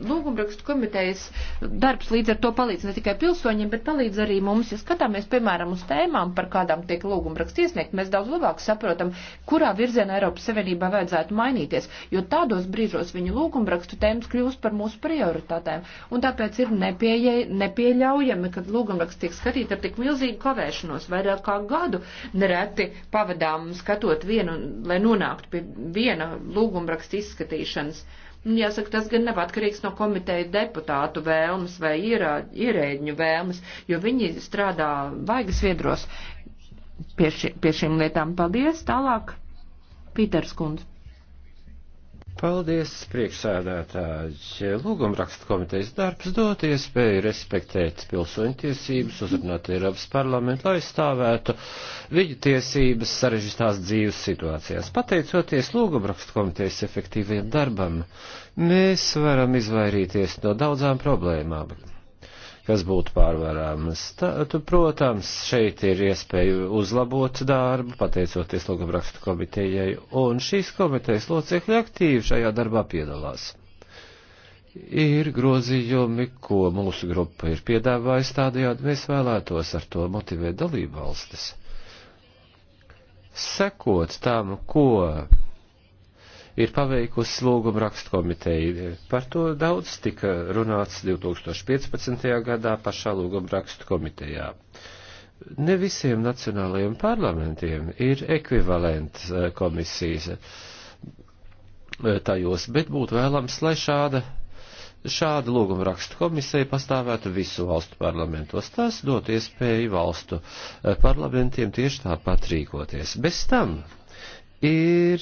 lūgumrakstu komitejas darbs līdz ar to palīdz ne tikai pilsoņiem, bet palīdz arī mums, ja skatāmies, piemēram, uz tēmām, par kādām tiek lūgumraksts iesniegt mēs daudz labāk saprotam, kurā virzienā Eiropas Savienībā vajadzētu mainīties, jo tādos brīžos viņa lūgumrakstu tēmas kļūst par mūsu prioritātēm. Un tāpēc ir nepieeja, nepieļaujami, kad lūgumraksts tiek skatīt ar tik milzīgu kavēšanos, vairāk kā gadu nereti pavadām skatot vienu, lai nonāktu pie viena lūgumraksta izskatīšanas. Jāsaka, tas gan nav atkarīgs no komiteja deputātu vēlmes vai ierā, ierēģņu vēlmes, jo viņi strādā vaigas viedros pie, ši, pie šīm lietām. Paldies! Tālāk, Pīters Kundze. Paldies, priekšsēdētāji. Lūgumrakstu komitejas darbs dot iespēju respektēt pilsoņu tiesības, uzrunāt Eiropas parlamentu, lai stāvētu viņu tiesības sarežģītās dzīves situācijās. Pateicoties lūgumrakstu komitejas efektīviem darbam, mēs varam izvairīties no daudzām problēmām kas būtu pārvarāmas. Tā, tu, protams, šeit ir iespēja uzlabot darbu, pateicoties Logobrakstu komitejai, un šīs komitejas locekļi aktīvi šajā darbā piedalās. Ir grozījumi, ko mūsu grupa ir piedāvājusi tādējādi, mēs vēlētos ar to motivēt dalību valstis. Sekot tam, ko ir paveikusi lūguma rakstu komiteja. Par to daudz tika runāts 2015. gadā pašā lūguma rakstu komitejā. Ne visiem nacionālajiem parlamentiem ir ekvivalents eh, komisijas eh, tajos, bet būtu vēlams, lai šāda Šāda lūguma rakstu komisija pastāvētu visu valstu parlamentos. Tas dot iespēju valstu eh, parlamentiem tieši tāpat rīkoties. Bez tam ir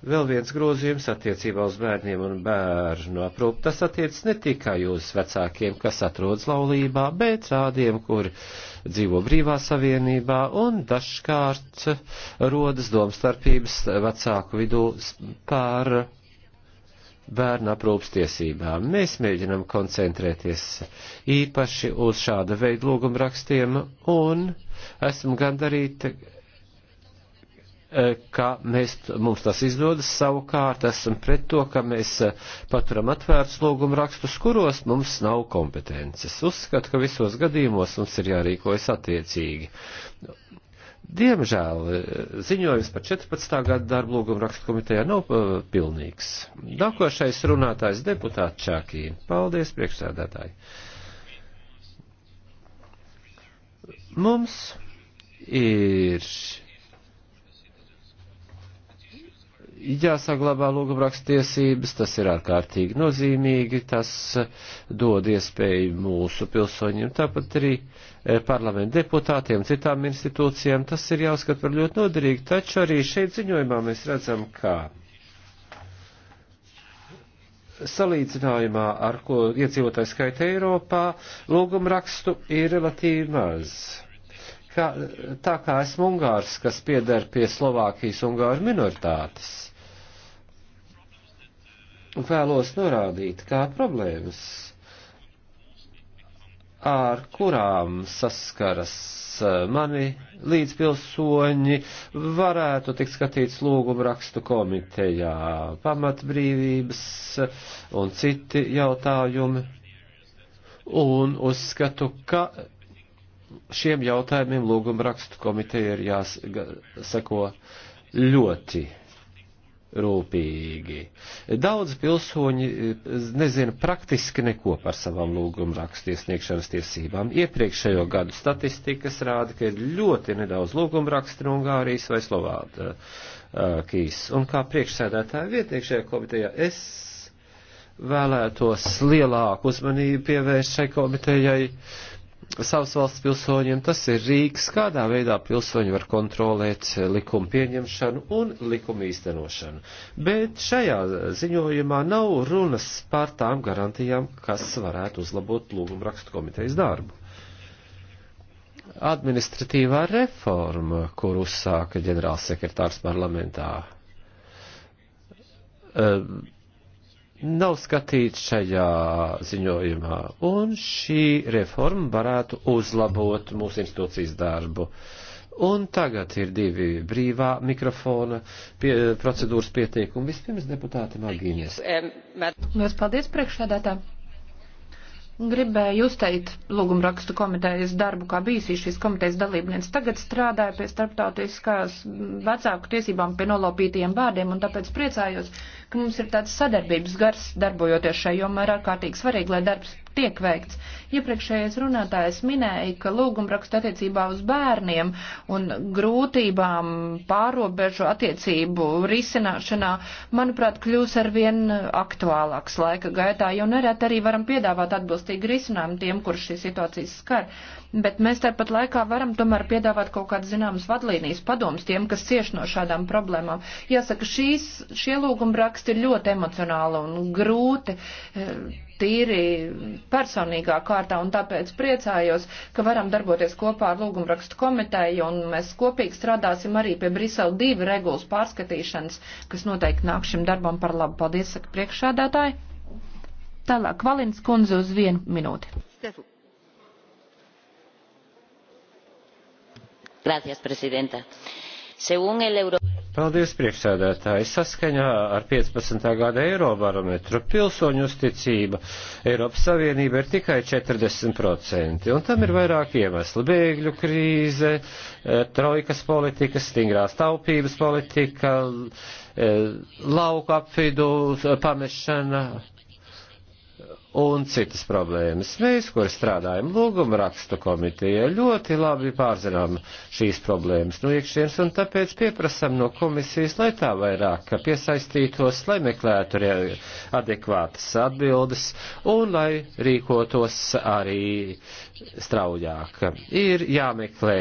Vēl viens grozījums attiecībā uz bērniem un bērnu aprūp. Tas attiec ne tikai uz vecākiem, kas atrodas laulībā, bet tādiem, kur dzīvo brīvā savienībā un dažkārt rodas domstarpības vecāku vidū par bērnu aprūpas tiesībām. Mēs mēģinam koncentrēties īpaši uz šāda veida lūgumrakstiem un esmu gandarīti Eh, ka mēs, mums tas izdodas savukārt, esam pret to, ka mēs eh, paturam atvērts lūgumu rakstus, kuros mums nav kompetences. Uzskatu, ka visos gadījumos mums ir jārīkojas attiecīgi. Diemžēl eh, ziņojums par 14. gadu darbu lūgumu rakstu komitejā nav uh, pilnīgs. Nākošais runātājs deputāts Čākī. Paldies, priekšsēdētāji. Mums ir jāsaglabā lūgumrakstiesības, tas ir ārkārtīgi nozīmīgi, tas eh, dod iespēju mūsu pilsoņiem, tāpat arī eh, parlamentu deputātiem, citām institūcijām, tas ir jāuzskat par ļoti noderīgi, taču arī šeit ziņojumā mēs redzam, kā salīdzinājumā ar ko iedzīvotāju skaita Eiropā, lūgumrakstu ir relatīvi maz kā, tā kā esmu Ungārs, kas pieder pie Slovākijas Ungāru minoritātes vēlos norādīt, kā problēmas, ar kurām saskaras eh, mani līdzpilsoņi, varētu tikt skatīts lūgumu rakstu komitejā, pamatbrīvības un citi jautājumi. Un uzskatu, ka šiem jautājumiem lūgumu rakstu komiteja ir jāseko ļoti rūpīgi. Daudz pilsoņi eh, nezina praktiski neko par savām lūgumu rakstu iesniegšanas tiesībām. Iepriekšējo gadu statistikas rāda, ka ir ļoti nedaudz lūgumu rakstu no Ungārijas vai Slovākijas. Eh, Un kā priekšsēdētāja vietiekšējā komitejā es vēlētos lielāku uzmanību pievērst šai komitejai savas valsts pilsoņiem, tas ir rīks, kādā veidā pilsoņi var kontrolēt likumu pieņemšanu un likumu īstenošanu. Bet šajā ziņojumā nav runas par tām garantijām, kas varētu uzlabot lūgumu rakstu komitejas darbu. Administratīvā reforma, kur uzsāka ģenerālsekretārs parlamentā. Um, nav skatīts šajā ziņojumā, un šī reforma varētu uzlabot mūsu institūcijas darbu. Un tagad ir divi brīvā mikrofona pie, procedūras pieteikumi. Vispirms deputāte Magīnies. Lielas paldies priekšsēdētā. Gribēju uzteikt lūgumrakstu komitejas darbu, kā bijusi šīs komitejas dalībnieks. Tagad strādāju pie starptautiskās vecāku tiesībām pie nolopītajiem bērniem, un tāpēc priecājos, ka mums ir tāds sadarbības gars darbojoties šai jomā ir ārkārtīgi svarīgi, lai darbs tiek veikts. Iepriekšējais runātājs minēja, ka lūgumrakstu attiecībā uz bērniem un grūtībām pārobežu attiecību risināšanā, manuprāt, kļūs arvien aktuālāks laika gaitā, jo nerēt arī varam piedāvāt atbilstīgi risinājumu tiem, kurš šīs situācijas skar bet mēs tāpat laikā varam tomēr piedāvāt kaut kādas zināmas vadlīnijas padomus tiem, kas cieš no šādām problēmām. Jāsaka, šīs, šie lūguma raksti ir ļoti emocionāli un grūti. E, tīri personīgā kārtā, un tāpēc priecājos, ka varam darboties kopā ar lūgumrakstu komiteju, un mēs kopīgi strādāsim arī pie Brisele 2 regulas pārskatīšanas, kas noteikti nāk šim darbam par labu. Paldies, saka priekšādātāji. Tālāk, Valins kundze uz vienu minūti. Stefu. Gracias, prezidenta. Según el Euro... Paldies, priekšsēdētāji. Saskaņā ar 15. gada Eirobarometru pilsoņu uzticība Eiropas Savienība ir tikai 40%, un tam ir vairāk iemeslu. Bēgļu krīze, eh, trojkas politika, stingrās taupības politika, eh, lauka apvidu eh, pamešana, un citas problēmas. Mēs, kur strādājam lūguma rakstu komitejā, ļoti labi pārzinām šīs problēmas no iekšienes un tāpēc pieprasam no komisijas, lai tā vairāk piesaistītos, lai meklētu adekvātas atbildes un lai rīkotos arī straujāk. Ir jāmeklē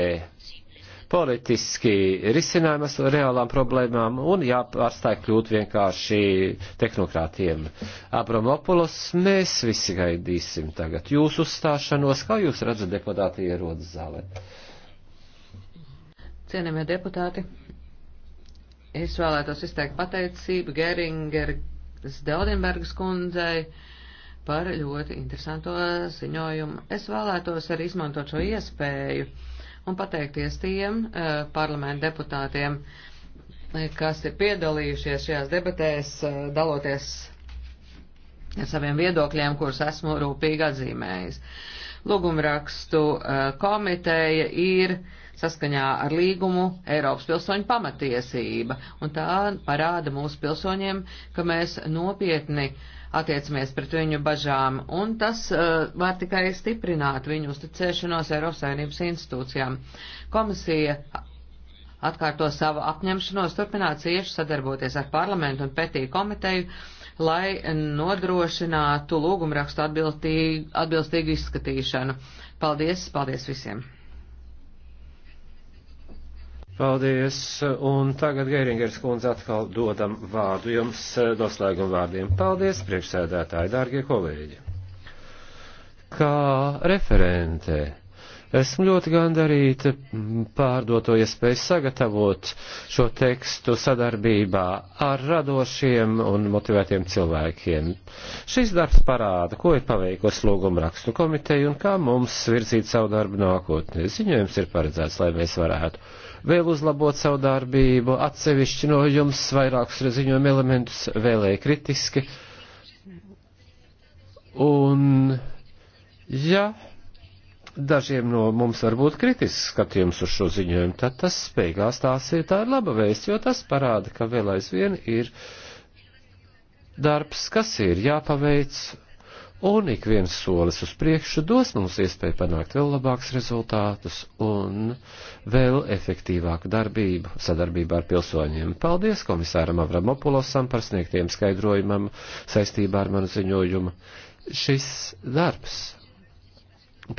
politiski risinājumas reālām problēmām un jāpārstāj kļūt vienkārši tehnokrātiem. Abramopulos, mēs visi gaidīsim tagad jūsu uzstāšanos, kā jūs redzat deputāti ierodas zālē. Cienījamie deputāti, es vēlētos izteikt pateicību Geringeras Daudenbergas kundzei par ļoti interesanto ziņojumu. Es vēlētos arī izmantot šo iespēju un pateikties tiem uh, parlamenta deputātiem, eh, kas ir piedalījušies šajās debatēs, uh, daloties ar saviem viedokļiem, kurus esmu rūpīgi atzīmējis. Lūgumrakstu uh, komiteja ir saskaņā ar līgumu Eiropas pilsoņu pamatiesība, un tā parāda mūsu pilsoņiem, ka mēs nopietni uh, attiecamies pret viņu bažām, un tas uh, var tikai stiprināt viņu uzticēšanos Eiropas Savienības institūcijām. Komisija atkārto savu apņemšanos turpināt cieši sadarboties ar parlamentu un petīju komiteju, lai nodrošinātu lūgumrakstu atbilstīgu izskatīšanu. Paldies, paldies visiem! Paldies, un tagad Gēringers kundze atkal dodam vārdu jums eh, noslēguma vārdiem. Paldies, priekšsēdētāji, dārgie kolēģi. Kā referente esmu ļoti gandarīta pārdoto iespēju sagatavot šo tekstu sadarbībā ar radošiem un motivētiem cilvēkiem. Šis darbs parāda, ko ir paveikusi lūguma rakstu komiteja un kā mums virzīt savu darbu nākotnē. Ziņojums ir paredzēts, lai mēs varētu vēl uzlabot savu darbību, atsevišķi no jums vairākus ziņojumu elementus vēlēja kritiski. Un, ja dažiem no mums var būt kritisks skatījums uz šo ziņojumu, tad tas beigās tās ir tā ir laba vēsts, jo tas parāda, ka vēl aizvien ir darbs, kas ir jāpaveic un ik viens solis uz priekšu dos mums iespēju panākt vēl labākus rezultātus un vēl efektīvāku darbību sadarbībā ar pilsoņiem. Paldies komisāram Avramopulosam par sniegtiem skaidrojumam saistībā ar manu ziņojumu. Šis darbs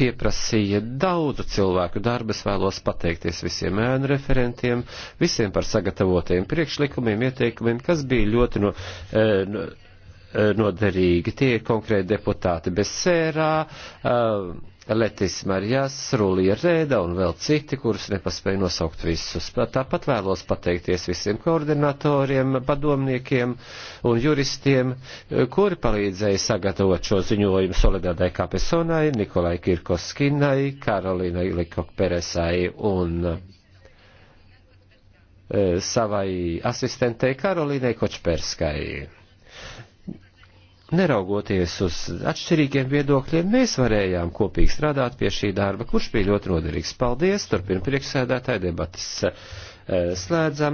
pieprasīja daudzu cilvēku darbas, vēlos pateikties visiem ēnu referentiem, visiem par sagatavotajiem priekšlikumiem, ieteikumiem, kas bija ļoti no, eh, no Eh, noderīgi. Tie ir konkrēti deputāti Besērā, eh, Letis Marijas, Rulija Rēda un vēl citi, kurus nepaspēju nosaukt visus. Tāpat vēlos pateikties visiem koordinatoriem, padomniekiem un juristiem, eh, kuri palīdzēja sagatavot šo ziņojumu Solidādai Kapesonai, Nikolai Kirkoskinai, Karolinai Likokperesai un savai asistentei Karolinai Kočperskai neraugoties uz atšķirīgiem viedokļiem, mēs varējām kopīgi strādāt pie šī darba, kurš bija ļoti noderīgs. Paldies, turpina priekšsēdētāji debatas eh, slēdzam.